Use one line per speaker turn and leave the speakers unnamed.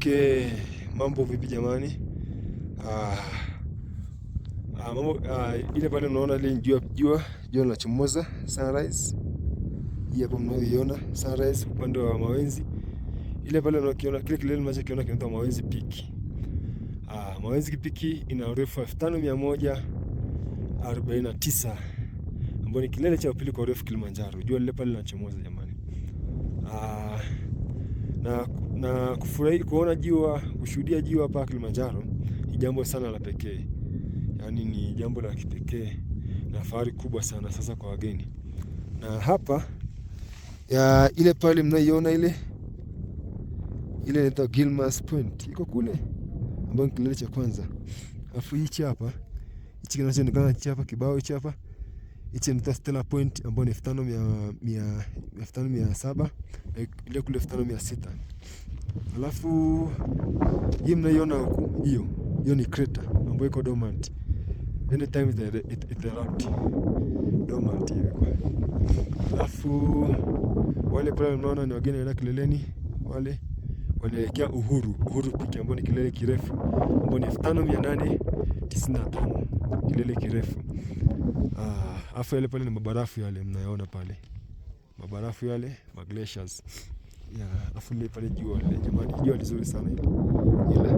Okay, mambo vipi jamani? Ah, ah, mambo ah, ile pale unaona ile jua jua jua linachomoza sunrise. Hii hapo mnaoiona sunrise upande wa Mawenzi. Ile pale unakiona kile kile kiona kinaitwa Mawenzi Peak. Ah, Mawenzi Peak ina urefu 5149 ambayo ni kilele cha pili kwa urefu Kilimanjaro. Jua lile pale linachomoza jamani. Ah, na na kufurahi kuona jiwa, kushuhudia jiwa hapa Kilimanjaro ni jambo sana la pekee, yaani ni jambo la kipekee na fahari kubwa sana sasa kwa wageni. Na hapa ya ile pale mnaiona ile ile inaitwa Gilmas Point iko kule, ambayo kilele cha kwanza. Alafu hichi hapa hichi kinachoonekana hichi hapa kibao hichi hapa hichi ni Stella Point ambayo ni elfu tano mia saba ile kule elfu tano mia sita Alafu hii mnaiona huku, hiyo hiyo ni crater ambayo iko dormant. Many it, it, it erupt dormant hiyo kwa. Alafu wale pale mnaona ni wageni wanaenda kileleni wale wanaelekea Uhuru, Uhuru Peak ambayo ni kilele kirefu ambayo ni 5895 kilele kirefu. Ah, afu yale pale ni mabarafu yale mnayoona pale, mabarafu yale, maglaciers afu lile pale jua lile, eh, jamani, jua lizuri sana ile ile